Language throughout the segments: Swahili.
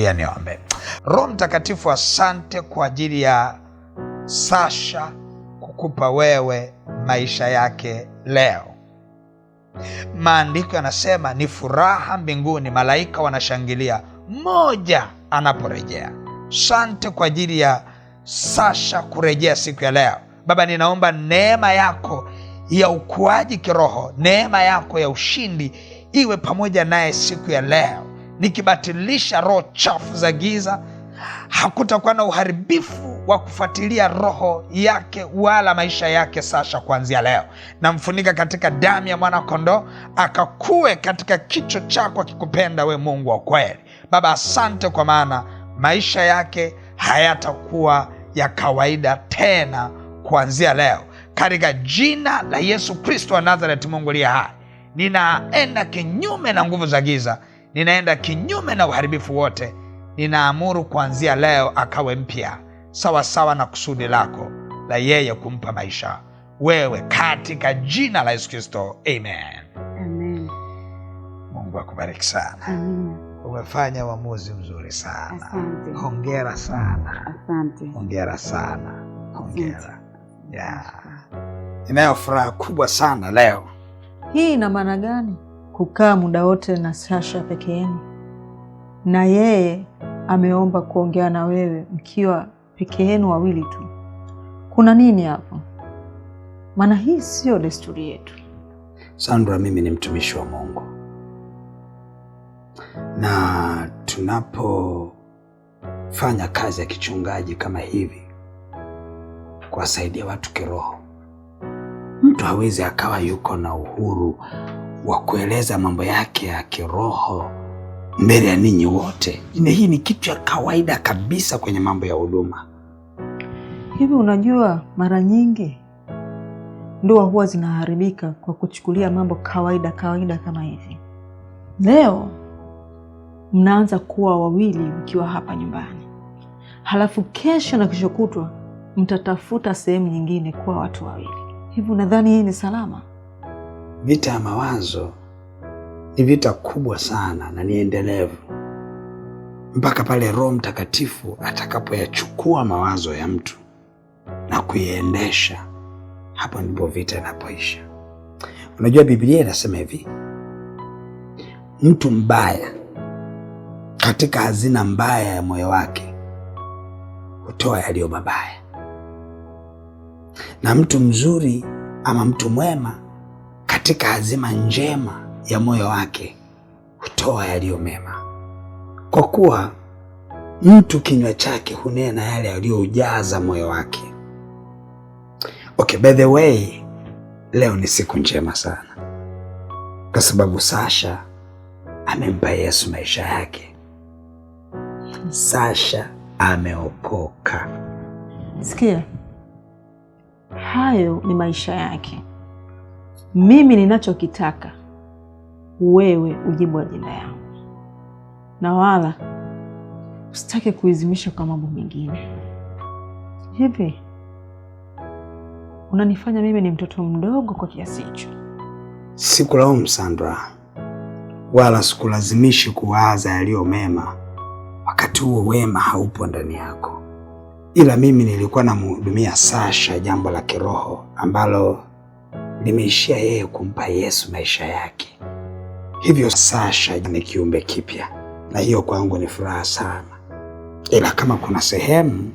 Tulia niombe. Roho Mtakatifu, asante kwa ajili ya Sasha kukupa wewe maisha yake leo. Maandiko yanasema ni furaha mbinguni, malaika wanashangilia mmoja anaporejea. Sante kwa ajili ya Sasha kurejea siku ya leo. Baba, ninaomba neema yako ya ukuaji kiroho, neema yako ya ushindi iwe pamoja naye siku ya leo nikibatilisha roho chafu za giza. Hakutakuwa na uharibifu wa kufuatilia roho yake wala maisha yake. Sasha, kuanzia leo namfunika katika damu ya mwanakondoo, akakue katika kicho chako akikupenda we Mungu wa kweli. Baba, asante kwa maana maisha yake hayatakuwa ya kawaida tena kuanzia leo, katika jina la Yesu Kristo wa Nazareti. Mungu aliye hai, ninaenda kinyume na nguvu za giza ninaenda kinyume na uharibifu wote, ninaamuru kuanzia leo akawe mpya sawasawa na kusudi lako la yeye kumpa maisha wewe, katika jina la Yesu Kristo, amen. Mungu akubariki sana. Umefanya uamuzi mzuri sana. Hongera sana. ongera Hongera sana. Hongera. Yeah. Inayo furaha kubwa sana leo. Hii ina maana gani? kukaa muda wote na Sasha peke yenu, na yeye ameomba kuongea na wewe mkiwa peke yenu wawili tu. Kuna nini hapo? Maana hii siyo desturi yetu. Sandra, mimi ni mtumishi wa Mungu na tunapofanya kazi ya kichungaji kama hivi, kuwasaidia watu kiroho, mtu hawezi akawa yuko na uhuru wa kueleza mambo yake ya kiroho mbele ya ninyi wote. Ine hii ni kitu ya kawaida kabisa kwenye mambo ya huduma. Hivi unajua, mara nyingi ndoa huwa zinaharibika kwa kuchukulia mambo kawaida kawaida kama hivi. Leo mnaanza kuwa wawili mkiwa hapa nyumbani, halafu kesho na kesho kutwa mtatafuta sehemu nyingine kuwa watu wawili. Hivi unadhani hii ni salama? Vita ya mawazo ni vita kubwa sana na ni endelevu mpaka pale Roho Mtakatifu atakapoyachukua mawazo ya mtu na kuiendesha. Hapo ndipo vita inapoisha. Unajua, Biblia inasema hivi, mtu mbaya katika hazina mbaya ya moyo wake hutoa yaliyo mabaya, na mtu mzuri ama mtu mwema katika hazima njema ya moyo wake hutoa yaliyo mema, kwa kuwa mtu kinywa chake hunena yale yaliyojaza moyo wake. Okay, by the way, leo ni siku njema sana kwa sababu Sasha amempa Yesu maisha yake. Sasha ameokoka. Sikia, hayo ni maisha yake mimi ninachokitaka wewe ujibu ajenda yangu, na wala usitake kuizimisha kwa mambo mengine. Hivi unanifanya mimi ni mtoto mdogo kwa kiasi hicho? Sikulaumu Sandra, wala sikulazimishi kuwaza yaliyo mema wakati huo wema haupo ndani yako, ila mimi nilikuwa namhudumia Sasha jambo la kiroho ambalo nimeishia yeye kumpa Yesu maisha yake. Hivyo Sasha ni kiumbe kipya, na hiyo kwangu ni furaha sana, ila kama kuna sehemu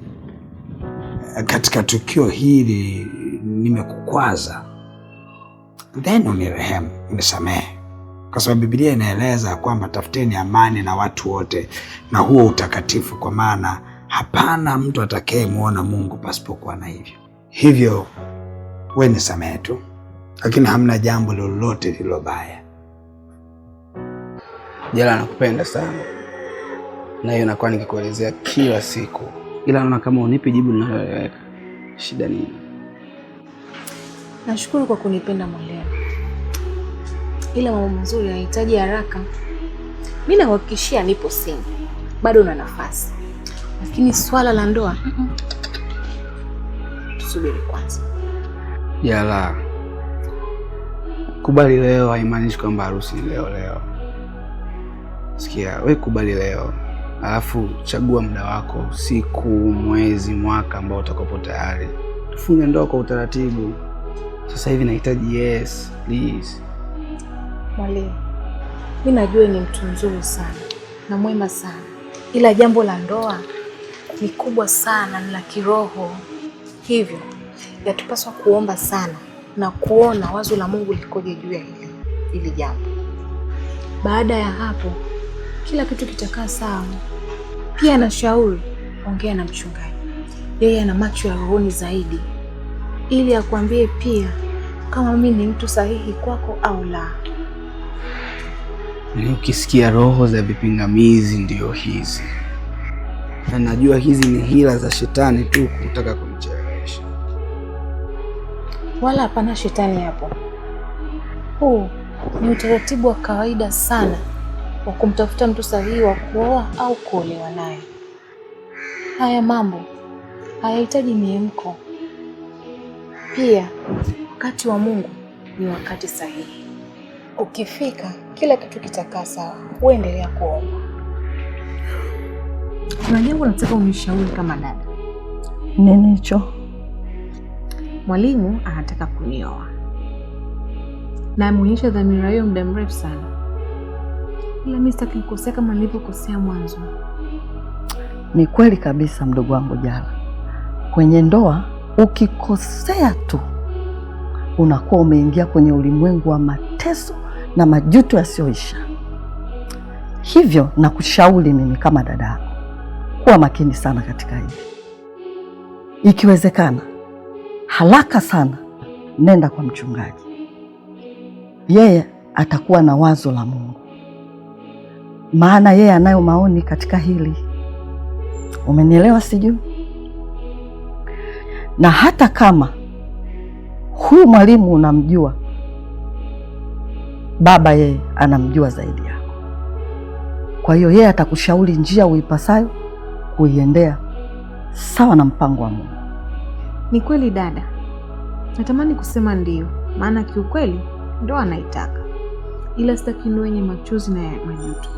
eh, katika tukio hili nimekukwaza, then unirehemu, unisamehe, kwa sababu Biblia inaeleza kwamba tafuteni amani na watu wote na huo utakatifu, kwa maana hapana mtu atakayemwona Mungu pasipokuwa na hivyo. Hivyo we nisamehe tu lakini hamna jambo lolote lilo baya. Jela anakupenda sana, na hiyo nakuwa nikikuelezea kila siku, ila naona kama unipi jibu linaloeleweka. Shida nini? Nashukuru kwa kunipenda mwalimu, ila mambo mazuri yanahitaji haraka. Mimi nakuhakikishia, nipo single, bado una nafasi, lakini swala la ndoa, tusubiri kwanza. Yeah, kubali leo haimaanishi kwamba harusi ni leo leo. Sikia, we kubali leo, alafu chagua muda wako, siku, mwezi, mwaka ambao utakapo tayari. Tufunge ndoa kwa utaratibu. Sasa hivi nahitaji yes please. Mwalimu, mi najua ni mtu mzuri sana na mwema sana, ila jambo la ndoa ni kubwa sana, ni la kiroho, hivyo yatupaswa kuomba sana na kuona wazo la Mungu likoje juu ya hili hili jambo. Baada ya hapo, kila kitu kitakaa sawa. Pia anashauri ongea na mchungaji, yeye ana macho ya rohoni zaidi, ili akuambie pia kama mimi ni mtu sahihi kwako au la. Ni ukisikia roho za vipingamizi ndio hizi, na najua hizi ni hila za shetani tu kutaka kumchea wala hapana shetani hapo. Huu ni utaratibu wa kawaida sana wa kumtafuta mtu sahihi wa kuoa au kuolewa naye. Haya mambo hayahitaji miemko. Pia wakati wa Mungu ni wakati sahihi. Ukifika kila kitu kitakaa sawa, huendelea kuomba. Kuna jambo nataka unishauri kama dada. Nini hicho? mwalimu anataka kunioa na ameonyesha dhamira hiyo muda mrefu sana, ila mi sitaki kukosea kama nilivyokosea mwanzo. Ni kweli kabisa, mdogo wangu Jara, kwenye ndoa ukikosea tu unakuwa umeingia kwenye ulimwengu wa mateso na majuto yasiyoisha. Hivyo nakushauri mimi kama dada yako, kuwa makini sana katika hili, ikiwezekana haraka sana, nenda kwa mchungaji, yeye atakuwa na wazo la Mungu, maana yeye anayo maoni katika hili. Umenielewa? Sijui. Na hata kama huyu mwalimu unamjua, baba yeye anamjua zaidi yako, kwa hiyo yeye atakushauri njia uipasayo kuiendea sawa na mpango wa Mungu. Ni kweli dada, natamani kusema ndiyo, maana kiukweli ndo anaitaka, ila sitaki ndoa yenye machozi na ya majuto.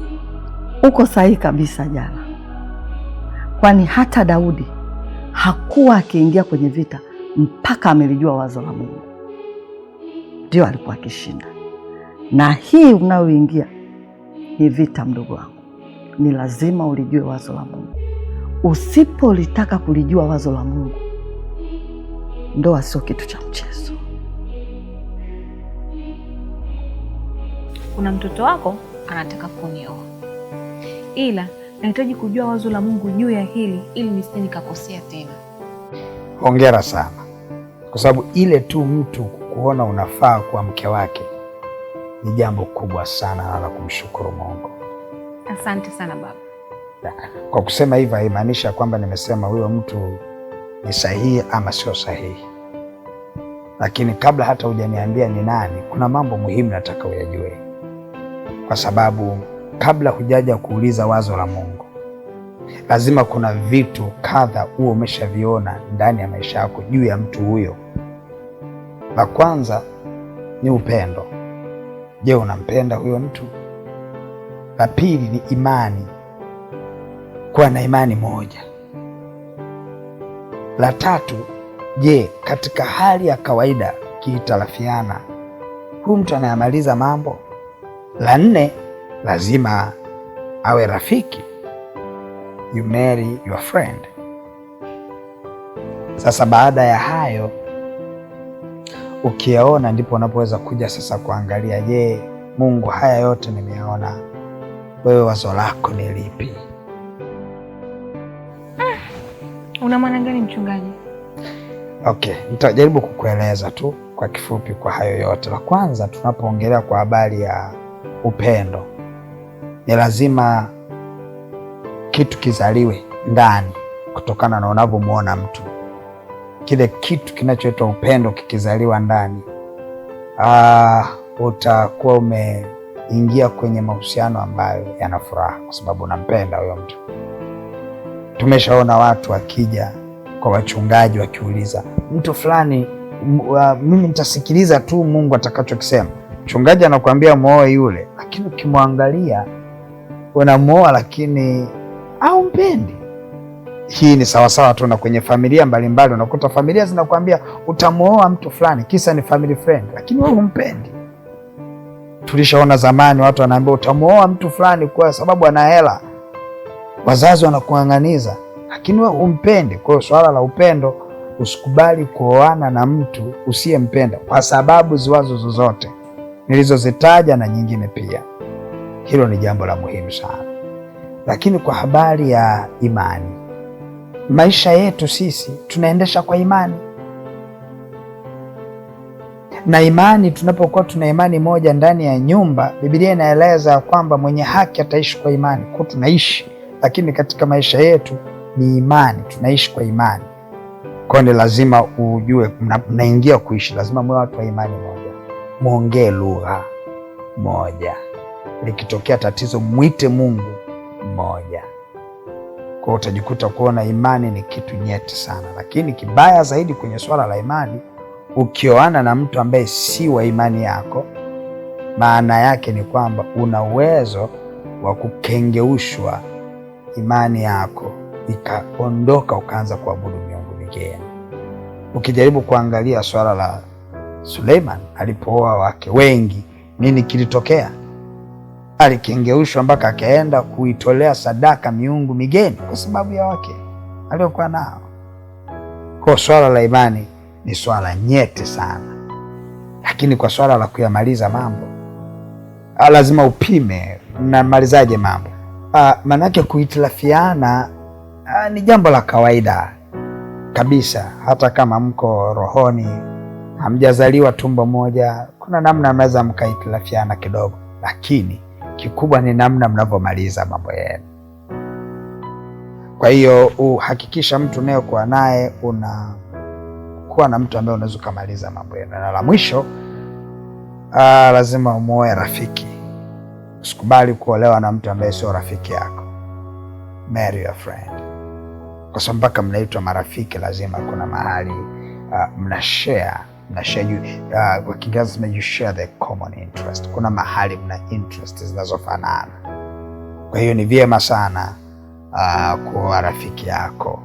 Uko sahihi kabisa Jana, kwani hata Daudi hakuwa akiingia kwenye vita mpaka amelijua wazo la Mungu, ndio alikuwa akishinda. Na hii unayoingia ni vita, mdogo wangu, ni lazima ulijue wazo la Mungu. Usipolitaka kulijua wazo la Mungu Ndoa sio kitu cha mchezo. Kuna mtoto wako anataka kunioa, ila nahitaji kujua wazo la Mungu juu ya hili ili nisije nikakosea tena. Hongera sana, kwa sababu ile tu mtu kuona unafaa kuwa mke wake ni jambo kubwa sana la kumshukuru Mungu. Asante sana baba. Kwa kusema hivyo haimaanisha kwamba nimesema huyo mtu ni sahihi ama sio sahihi, lakini kabla hata hujaniambia ni nani, kuna mambo muhimu nataka uyajue, kwa sababu kabla hujaja kuuliza wazo la Mungu, lazima kuna vitu kadha huo umeshaviona ndani ya maisha yako juu ya mtu huyo. La kwanza ni upendo. Je, unampenda huyo mtu? La pili ni imani, kuwa na imani moja la tatu, je, katika hali ya kawaida kiitarafiana huyu mtu anayamaliza mambo? La nne, lazima awe rafiki. You marry your friend. Sasa baada ya hayo ukiyaona ndipo unapoweza kuja sasa kuangalia, je, Mungu, haya yote nimeyaona, wewe wazo lako ni lipi? Una maana gani mchungaji? Okay, nitajaribu kukueleza tu kwa kifupi kwa hayo yote. La kwanza, tunapoongelea kwa habari ya upendo, ni lazima kitu kizaliwe ndani kutokana na unavyomwona mtu. Kile kitu kinachoitwa upendo kikizaliwa ndani, ah, utakuwa umeingia kwenye mahusiano ambayo yana furaha, kwa sababu unampenda huyo mtu. Tumeshaona watu wakija kwa wachungaji wakiuliza mtu fulani, mimi nitasikiliza tu Mungu atakachokisema. Mchungaji anakuambia muoe yule, lakini ukimwangalia unamwoa lakini au mpendi. Hii ni sawasawa tu na kwenye familia mbalimbali, unakuta familia zinakuambia utamuoa mtu fulani, kisa ni family friend, lakini wewe humpendi. Tulishaona zamani watu wanaambia utamuoa mtu fulani kwa sababu ana hela wazazi wanakuang'aniza, lakini we umpende. Kwa hiyo swala la upendo, usikubali kuoana na mtu usiyempenda kwa sababu ziwazo zozote nilizozitaja na nyingine pia. Hilo ni jambo la muhimu sana. Lakini kwa habari ya imani, maisha yetu sisi tunaendesha kwa imani na imani. Tunapokuwa tuna imani moja ndani ya nyumba, Biblia inaeleza kwamba mwenye haki ataishi kwa imani, kwa tunaishi lakini katika maisha yetu ni imani, tunaishi kwa imani. Kwa ni lazima ujue, mnaingia kuishi, lazima mwe watu wa imani moja, mwongee lugha moja, likitokea tatizo mwite Mungu mmoja. Kwa utajikuta kuona imani ni kitu nyeti sana, lakini kibaya zaidi kwenye swala la imani, ukioana na mtu ambaye si wa imani yako, maana yake ni kwamba una uwezo wa kukengeushwa imani yako ikaondoka, ukaanza kuabudu miungu mingine. Ukijaribu kuangalia swala la Suleiman alipooa wake wengi, nini kilitokea? Alikengeushwa mpaka akaenda kuitolea sadaka miungu migeni kwa sababu ya wake aliokuwa nao. Kwa swala la imani ni swala nyeti sana, lakini kwa swala la kuyamaliza mambo lazima upime, unamalizaje mambo? uh, ah, maanake kuhitilafiana ah, ni jambo la kawaida kabisa, hata kama mko rohoni hamjazaliwa tumbo moja, kuna namna mnaweza mkahitilafiana kidogo, lakini kikubwa ni namna mnavyomaliza mambo yenu. Kwa hiyo uhakikisha mtu unayekuwa naye una kuwa na mtu ambaye unaweza ukamaliza mambo yenu, na la mwisho ah, lazima umuoe rafiki Usikubali kuolewa na mtu ambaye sio rafiki yako. Marry your friend, kwa sababu mpaka mnaitwa marafiki, lazima kuna mahali uh, mna share mna share uh, kwa Kiingereza you share the common interest. Kuna mahali mna interest zinazofanana, kwa hiyo ni vyema sana uh, kuoa rafiki yako,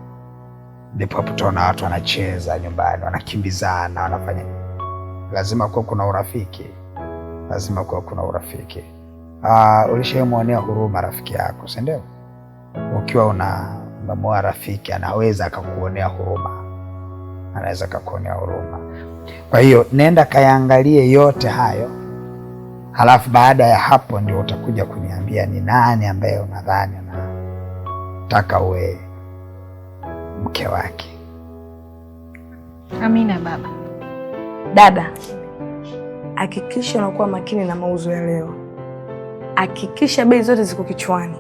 ndipo hapo utaona watu wanacheza nyumbani, wanakimbizana, wanafanya. Lazima kuwa kuna urafiki, lazima kuwa kuna urafiki uh, ah, ulishamwonea huruma rafiki yako, si ndio? Ukiwa una umemoa rafiki anaweza akakuonea huruma, anaweza akakuonea huruma. Kwa hiyo nenda kayaangalie yote hayo, halafu baada ya hapo ndio utakuja kuniambia ni nani ambaye unadhani unataka uwe mke wake. Amina baba. Dada, hakikisha unakuwa makini na mauzo ya leo hakikisha bei zote ziko kichwani,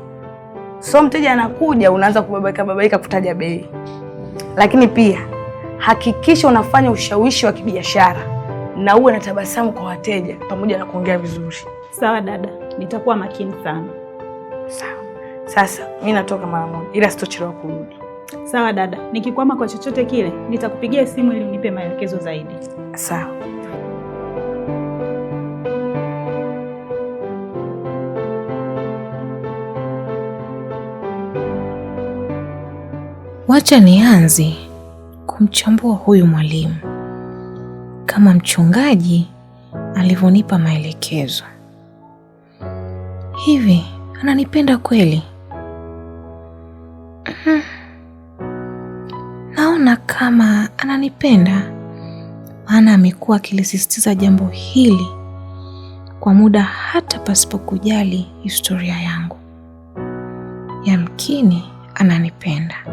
so mteja anakuja unaanza kubabaika babaika kutaja bei. Lakini pia hakikisha unafanya ushawishi wa kibiashara na uwe na tabasamu kwa wateja pamoja na kuongea vizuri. Sawa dada, nitakuwa makini sana. Sawa, sasa mi natoka mara moja, ila sitochelewa kurudi. Sawa dada, nikikwama kwa chochote kile nitakupigia simu ili unipe maelekezo zaidi. Sawa. Wacha nianze kumchambua huyu mwalimu kama mchungaji alivyonipa maelekezo. Hivi ananipenda kweli? Mhm. Naona kama ananipenda, maana amekuwa akilisisitiza jambo hili kwa muda hata pasipo kujali historia yangu. Yamkini ananipenda.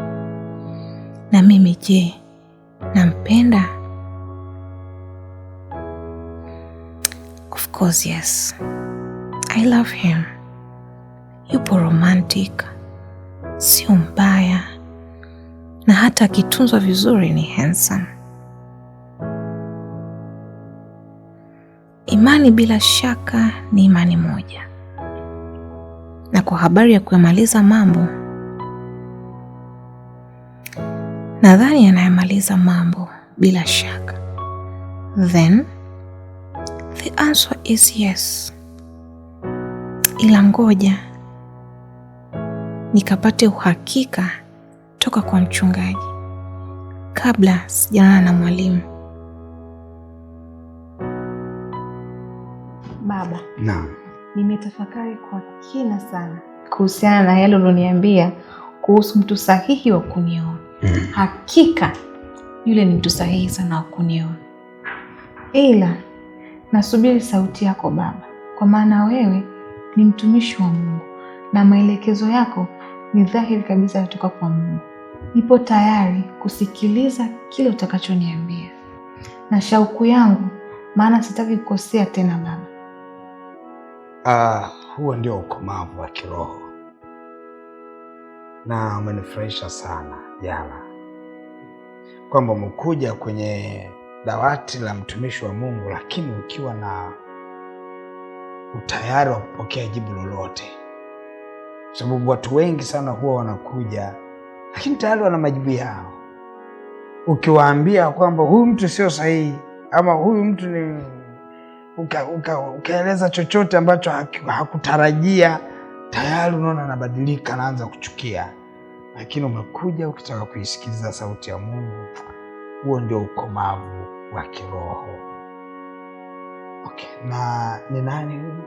Na mimi je, nampenda? Of course yes, I love him. Yupo romantic, sio mbaya, na hata akitunzwa vizuri ni handsome. Imani bila shaka ni imani moja, na kwa habari ya kuyamaliza mambo nadhani anayemaliza mambo bila shaka then the answer is yes ila ngoja nikapate uhakika toka kwa mchungaji kabla sijaana na mwalimu baba naam nimetafakari kwa kina sana kuhusiana na yale ulioniambia kuhusu mtu sahihi wa kunioa mm. Hakika yule ni mtu sahihi sana wa kuniona, ila nasubiri sauti yako Baba, kwa maana wewe ni mtumishi wa Mungu na maelekezo yako ni dhahiri kabisa kutoka kwa Mungu. Nipo tayari kusikiliza kile utakachoniambia na shauku yangu, maana sitaki kukosea tena Baba. Ah, huo ndio ukomavu wa kiroho na umenifurahisha sana jana, kwamba umekuja kwenye dawati la mtumishi wa Mungu, lakini ukiwa na utayari wa kupokea jibu lolote, kwa sababu watu wengi sana huwa wanakuja, lakini tayari wana majibu yao. Ukiwaambia kwamba huyu mtu sio sahihi ama huyu mtu ni ukaeleza uka, uka chochote ambacho hakutarajia, tayari unaona anabadilika, anaanza kuchukia lakini umekuja ukitaka kuisikiliza sauti ya Mungu. Huo ndio ukomavu wa kiroho. Okay, na ni nani huyu?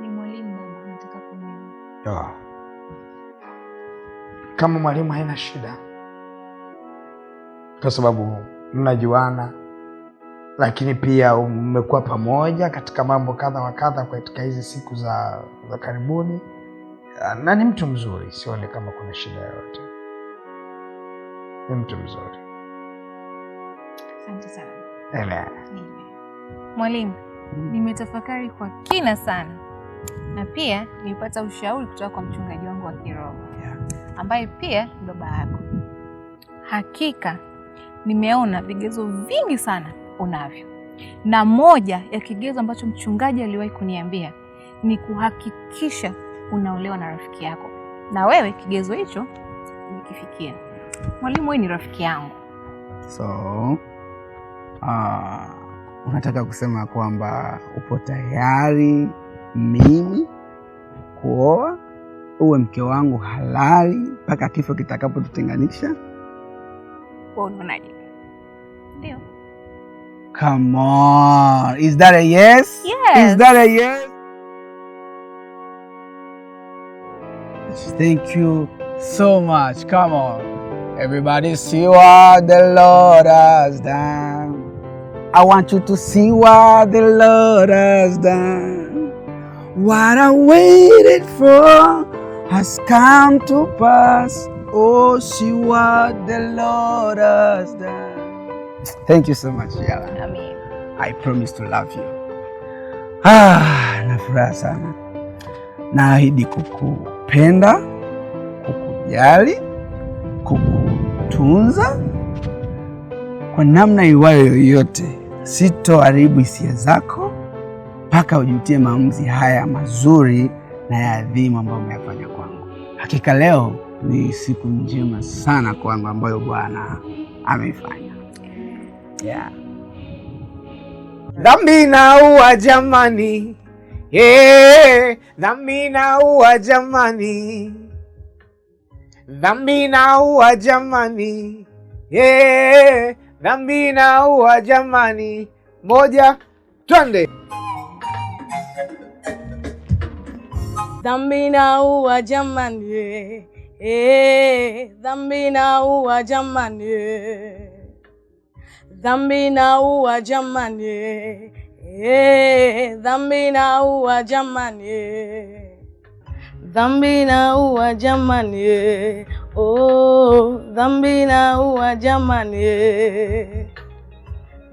Ni mwalimu wangu, nataka kumwona. Kama mwalimu haina shida, kwa sababu mnajuana, lakini pia mmekuwa pamoja katika mambo kadha wa kadha katika hizi siku za, za karibuni Ah, na ni mtu mzuri, sione kama kuna shida yoyote. Ni mtu mzuri. Asante sana mwalimu. Nimetafakari kwa kina sana, na pia nilipata ushauri kutoka kwa mchungaji wangu wa kiroho ambaye pia ni baba yako. Hakika nimeona vigezo vingi sana unavyo, na moja ya kigezo ambacho mchungaji aliwahi kuniambia ni kuhakikisha unaolewa na rafiki yako, na wewe kigezo hicho ukifikia, mwalimu, wewe ni rafiki yangu. So uh, unataka kusema kwamba upo tayari mimi kuoa uwe mke wangu halali mpaka kifo kitakapotutenganisha? Unaonaje? Ndio. Come on. Is that a yes? Yes. Is that a yes? Thank you so much. Come on. Everybody, see what the Lord has done. I want you to see what the Lord has done. What I waited for has come to pass. Oh, see what the Lord has done. Thank you so much, Yala. Amen. I promise to love you. Ah, na furaha sana. Naahidi kukuu kukupenda, kukujali, kukutunza kwa namna iwayo yoyote. Sitoharibu hisia zako mpaka ujutie maamuzi haya mazuri na ya adhimu ambayo umeyafanya kwangu. Hakika leo ni siku njema sana kwangu ambayo Bwana ameifanya. Yeah. Dhambi inaua jamani. Hey, dhambi na uwa jamani, dhambi na jamani, dhambi na jamani, moja twende. Dhambi na jamani, dhambi na jamani, dhambi na uwa jamani Hey, eh, dhambi na uwa jamani, eh. dhambi na uwa jamani, eh. oh, dhambi na uwa jamani,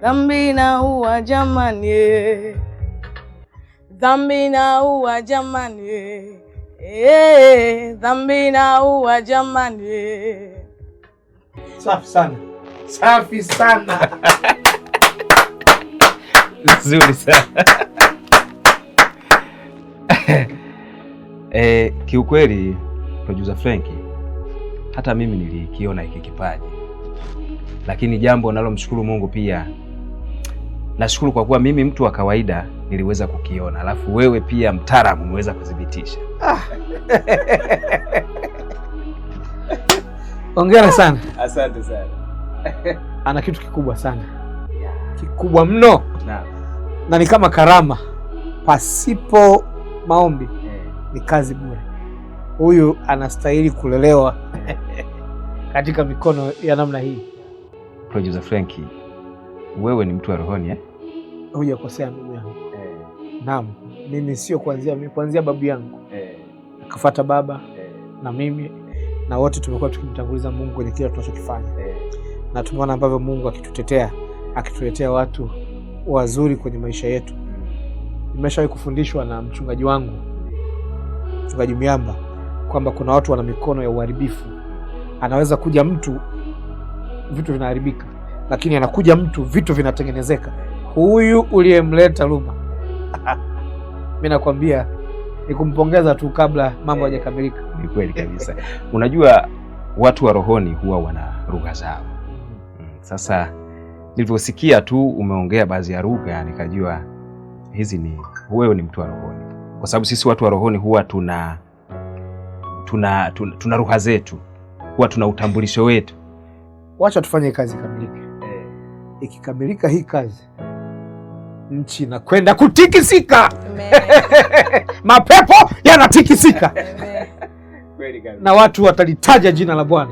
dhambi na uwa jamani, dhambi na uwa jamani, dhambi na uwa jamani. Safi sana, safi sana. Nzuri sana E, kiukweli producer Frenki, hata mimi nilikiona hiki kipaji, lakini jambo nalomshukuru Mungu pia nashukuru kwa kuwa mimi mtu wa kawaida niliweza kukiona, alafu wewe pia mtaalamu umeweza kudhibitisha. Ah. Hongera Ongera sana, asante sana. Ana kitu kikubwa sana, kikubwa mno na, ni kama karama pasipo maombi eh. ni kazi bure. Huyu anastahili kulelewa katika mikono ya namna hii. Producer Frankie, wewe ni mtu wa rohoni eh? Hujakosea ndugu yangu eh. Naam, mimi sio kuanzia mimi, kuanzia babu yangu eh, akafuata baba eh, na mimi na wote tumekuwa tukimtanguliza Mungu kwenye kila tunachokifanya eh, na tumeona ambavyo Mungu akitutetea akituletea watu wazuri kwenye maisha yetu. Nimeshawahi kufundishwa na mchungaji wangu, mchungaji Myamba, kwamba kuna watu wana mikono ya uharibifu. Anaweza kuja mtu vitu vinaharibika, lakini anakuja mtu vitu vinatengenezeka. Huyu uliyemleta Luma mi nakwambia ni kumpongeza tu kabla mambo hayajakamilika. Ni kweli kabisa. Unajua watu wa rohoni huwa wana lugha zao. Sasa nilivyosikia tu umeongea baadhi ya lugha nikajua hizi ni wewe ni mtu wa rohoni, kwa sababu sisi watu wa rohoni huwa tuna tuna, tuna, tuna ruha zetu, huwa tuna utambulisho wetu. Wacha tufanye kazi kamilike. Eh, ikikamilika hii kazi nchi inakwenda kutikisika mapepo yanatikisika na watu watalitaja jina la Bwana.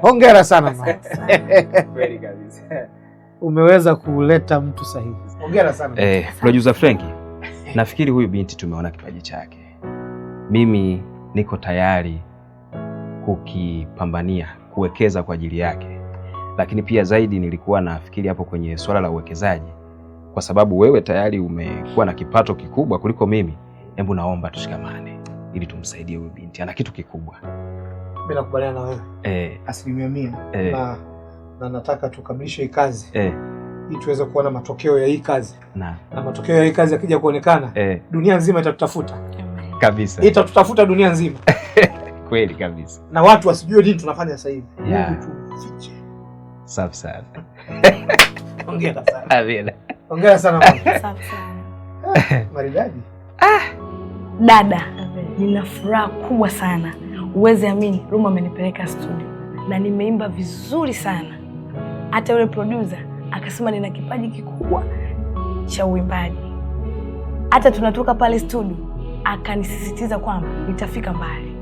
Hongera sana. umeweza kuleta mtu sahihi. Hongera sana. Eh, producer Frank, nafikiri huyu binti tumeona kipaji chake. Mimi niko tayari kukipambania, kuwekeza kwa ajili yake, lakini pia zaidi nilikuwa nafikiri hapo kwenye swala la uwekezaji, kwa sababu wewe tayari umekuwa na kipato kikubwa kuliko mimi. Hebu naomba tushikamane ili tumsaidie huyu binti, ana kitu kikubwa. Bila kubaliana na wewe eh, asilimia mia na eh na nataka tukamilishe hii kazi eh, ili tuweze kuona matokeo ya hii kazi na, na matokeo ya hii kazi yakija kuonekana eh, dunia nzima itatutafuta kabisa, itatutafuta dunia nzima kweli kabisa, na watu wasijue nini tunafanya sasa hivi yeah. safi sana. Hongera sana. Hongera sana ah, Maridadi. Ah, dada, nina furaha kubwa sana. Uweze amini, Ruma amenipeleka studio na nimeimba vizuri sana. Hata yule producer akasema nina kipaji kikubwa cha uimbaji. Hata tunatoka pale studio akanisisitiza kwamba nitafika mbali.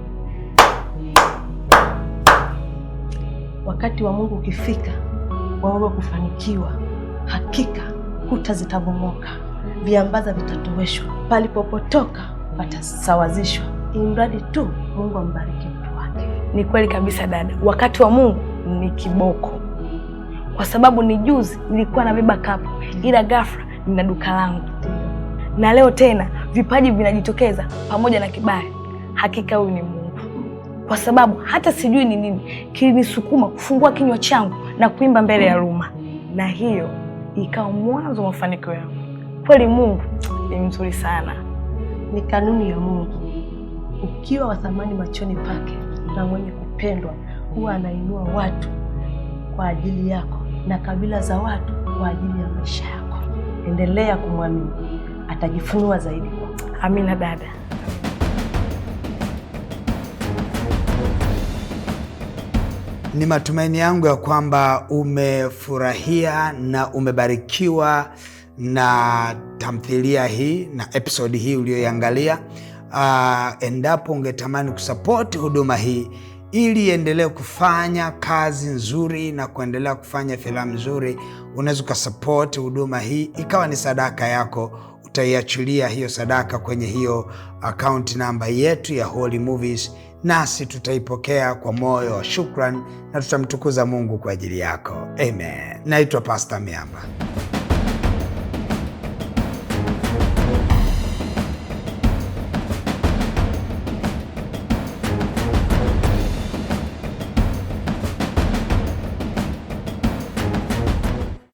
Wakati wa Mungu ukifika, wawewe kufanikiwa, hakika kuta zitabomoka, viambaza vitatoweshwa, palipopotoka patasawazishwa, imradi tu Mungu ambariki mtu wake. Ni kweli kabisa dada, wakati wa Mungu ni kiboko kwa sababu ni juzi nilikuwa nabeba kapu, ila ghafla nina duka langu, na leo tena vipaji vinajitokeza pamoja na kibali. Hakika huyu ni Mungu, kwa sababu hata sijui ni nini kilinisukuma kufungua kinywa changu na kuimba mbele ya Ruma, na hiyo ikawa mwanzo wa mafanikio yangu. Kweli Mungu ni mzuri sana. Ni kanuni ya Mungu, ukiwa wa thamani machoni pake na mwenye kupendwa, huwa anainua watu kwa ajili yako na kabila za watu kwa ajili ya maisha yako. Endelea kumwamini, atajifunua zaidi Amina dada. Ni matumaini yangu ya kwamba umefurahia na umebarikiwa na tamthilia hii na episodi hii uliyoiangalia. Uh, endapo ungetamani kusapoti huduma hii ili iendelee kufanya kazi nzuri na kuendelea kufanya filamu nzuri, unaweza ukasapoti huduma hii ikawa ni sadaka yako. Utaiachilia hiyo sadaka kwenye hiyo akaunti namba yetu ya Holy Movies, nasi tutaipokea kwa moyo wa shukran na tutamtukuza Mungu kwa ajili yako. Amen. Naitwa Pasta Miamba.